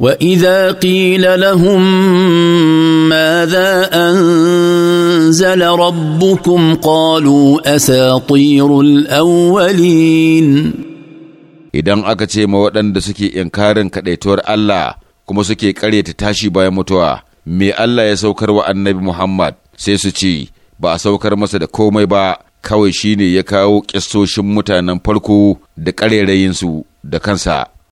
واذا قيل لهم ماذا انزل ربكم قالوا اساطير الاولين idan aka ce ma waɗanda suke inkarin kaɗaituwar Allah kuma suke ƙaryata tashi bayan mutuwa me Allah ya saukar wa annabi Muhammad sai su ce ba a saukar masa da komai ba kawai shine ya kawo ƙistoshin mutanen farko da ƙarairayinsu da kansa